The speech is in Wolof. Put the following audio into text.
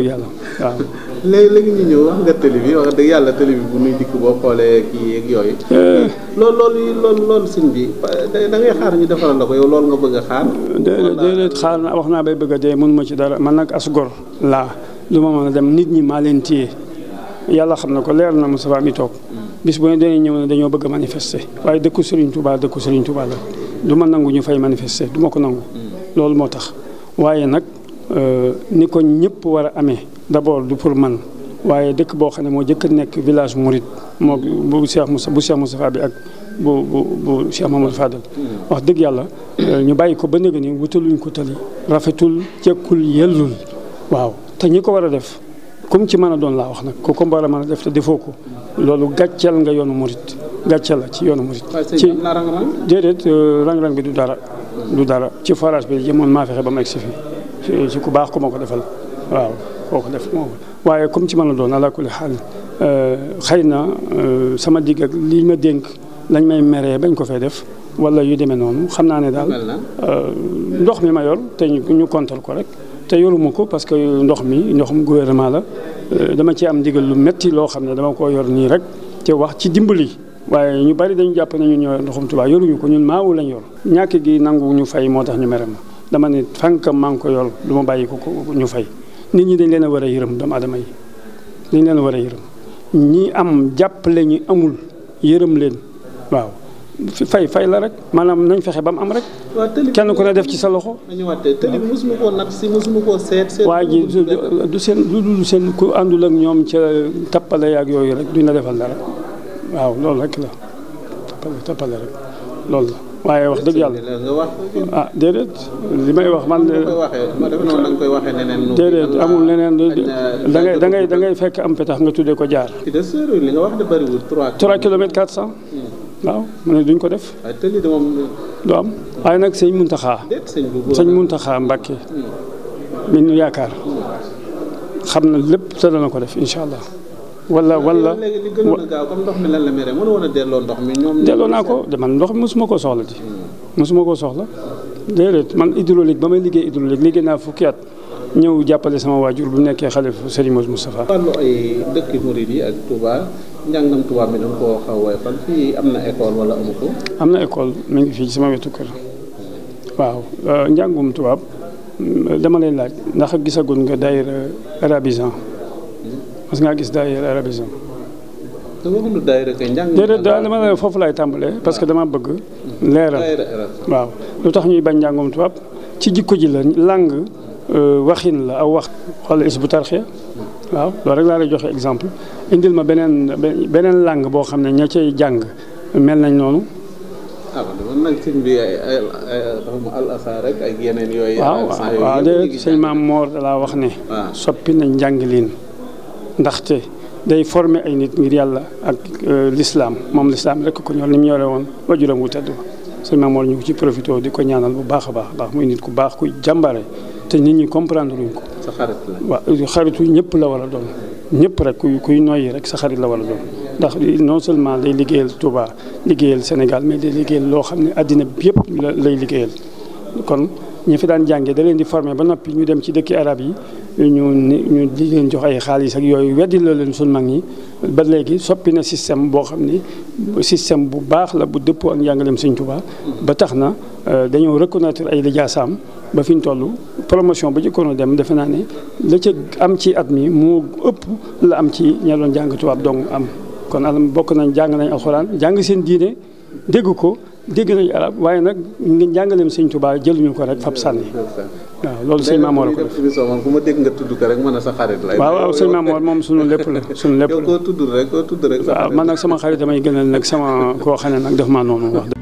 yàlla waaw. léegi léegi ñu ñëw wax bi wax dëgg yàlla télé bi bu nuy boo xoolee kii yooyu. Eh. loolu loolu loolu loolu sëñ bi da la ko yow loolu bëgg a xaar. déedéet xaar na wax naa bay bëgg a dee mënuma ci dara man nag as gor laa lu ma mën a dem nit ñi maa leen téye yàlla xam na ko leer na mu Moustapha mi toog. bis bu ne ñëw ne dañoo bëgg a waaye dëkku Serigne Touba dëkku Serigne Touba la du nangu ñu fay manifester du ma ko nangu. Mm. loolu moo tax waaye nag. Euh, ni ko ñëpp war a amee d'abord du pour man waaye dëkk boo xam ne moo jëkk a nekk village Mouride moo bu Cheikh Moussa bu Cheikh Moustapha bi ak bu bu bu Cheikh Mamadou wax dëgg yàlla euh, ñu bàyyi ko ba néega ni ñu ko tali rafetul jekkul yellul waaw te ñi ko war a def comme ci mën a doon laa wax nag ko comme war a mën a def te defoo ko loolu gàcceel nga yoonu Mouride gàcceel la ci yoonu Mouride ci déedéet euh, rang-rang bi du dara du dara ci forage bi jëmoon maa fexe ba mu egsi ci ku baax ku ma ko defal waaw koo ko def moo waaye comme ci man a doon ala kulli xaal euh, xëy na euh, sama digg ak li ma dénk lañ may meree bañ ko fee def wala yu demee noonu xam naa ne daal euh, ndox mi ma yor te ñu kontal ko rek te yorumu ko parce que ndox mi ndoxum gouvernement la dama ci am ndigal lu metti loo xam ne dama ko yor nii rek te wax ci dimbali waaye ñu bari dañu jàpp ne ñun ñoo yor ndoxum Tuubaa yoruñu ko ñun maawu lañu yor ñàkk gi nangu ñu fay moo tax ñu mere ma dama ne fànkam maa ngi ko yool du ma bàyyi ko ñu fay nit ñi dañ leen a war a yërëm doomu aadama yi dañ leen war a yërëm ñi am jàppale ñi amul yërëm leen waaw fay fay la rek maanaam nañ fexe ba mu am rek. kenn ku ne def ci sa loxo. waa ji du seen du du seen ku àndul ak ñoom ca tappale yaag yooyu rek duñ la defal dara waaw loolu rek la tappale tappale rek loolu la. waaye wax dëgg yàlla ah déedéet li may wax man. déedéet amul leneen da ngay da ngay da ngay fekk am petax nga tuddee ko jaar. li nga wax de bariwul 3 kilomètres 400. waaw mu ne duñ ko def. du am waaye nag sëñ Muntaxa. sëñ Muntaxa Mbàkke mi ñu yaakaar xam na lépp te dana ko def incha allah. wala wala. léegi li la a delloo ndox mi ñoom. delloo naa ko man ndox mi mosuma koo soxla ci. mosuma hmm. koo soxla déedéet man hydraulique ba may liggéey hydraulique liggéey naa fukki at ñëw jàppale sama waajur bu nekkee xalif Serigne Moussa Moustapha. wàllu ay dëkk murid yi ak Touba njàngam tubaab mi dañ koo a am na école wala amu na école mi fii ci wetu kër euh, njàngum tubaab dama lay laaj ndax gisagun nga daayira arabisant hmm. mas ngaa gis daayira arabisme. te waxuñu daayira kay njàng. déedéet foofu laay tàmbalee. parce que dama bëgg. leeral waaw lu tax ñuy bañ njàngum tubaab ci jikko ji la làng euh, waxin la aw wax. xoolal is bu tarxiya waaw loolu rek laa lay joxe exemple indil ma beneen beneen làng boo xam ne ñoo cay jàng mel nañ noonu. ah man nag yooyu. waaw waaw de sëñ maam Mor laa wax ne. Ah. soppi nañ njàngiliin. ndaxte day former ay nit ngir yàlla ak euh, lislaam moom lislaam rekk ko ñoo ni mu yore woon wajuram wu tedd sëñ Mamoor ñu ngi ci profité di ko ñaanal bu baax a baax ndax muy nit ku baax kuy jàmbare te nit ñu comprendre uñ ko. sa xarit la euh, xaritu ñëpp la war a doon ñëpp rek kuy kuy noyyi rek sa xarit la war a doon ndax non seulement day liggéeyal Touba liggéeyal Sénégal mais day liggéeyal loo xam ne àddina bi yëpp lay liggéeyal kon ñu fi daan jàngee da leen di former ba noppi ñu dem ci dëkki arab yi. ñu ñu di leen jox ay xaalis ak yooyu weddi la leen suñ mag ñi ba léegi soppi na système boo xam ne système bu baax la bu dëppoo ak njàngaleem Sëñ Tuubaa ba tax na euh, dañoo reconnaître ay lijaasaam ba fi ñu toll promotion ba jëkkoon dem defe naa ne la ca am ci at mi mu ëpp la am ci ña doon jàng tubaab dong am kon alam bokk nañ jàng nañ alxuraan jàng seen diine dégg ko dégg nañu arab waaye nag ngi njàngaleem sëñ Tuubaa jëluñu ko rek fab sànni waaw loolu sëñ Maamoor ko def ma dégg nga tudd ko rek mën a sa xarit la waaw waaw sëñ Maamoor moom suñu lépp la suñu lépp la koo waaw man nag sama xarit damay gënal nag sama koo xam ne nag def maa noonu wax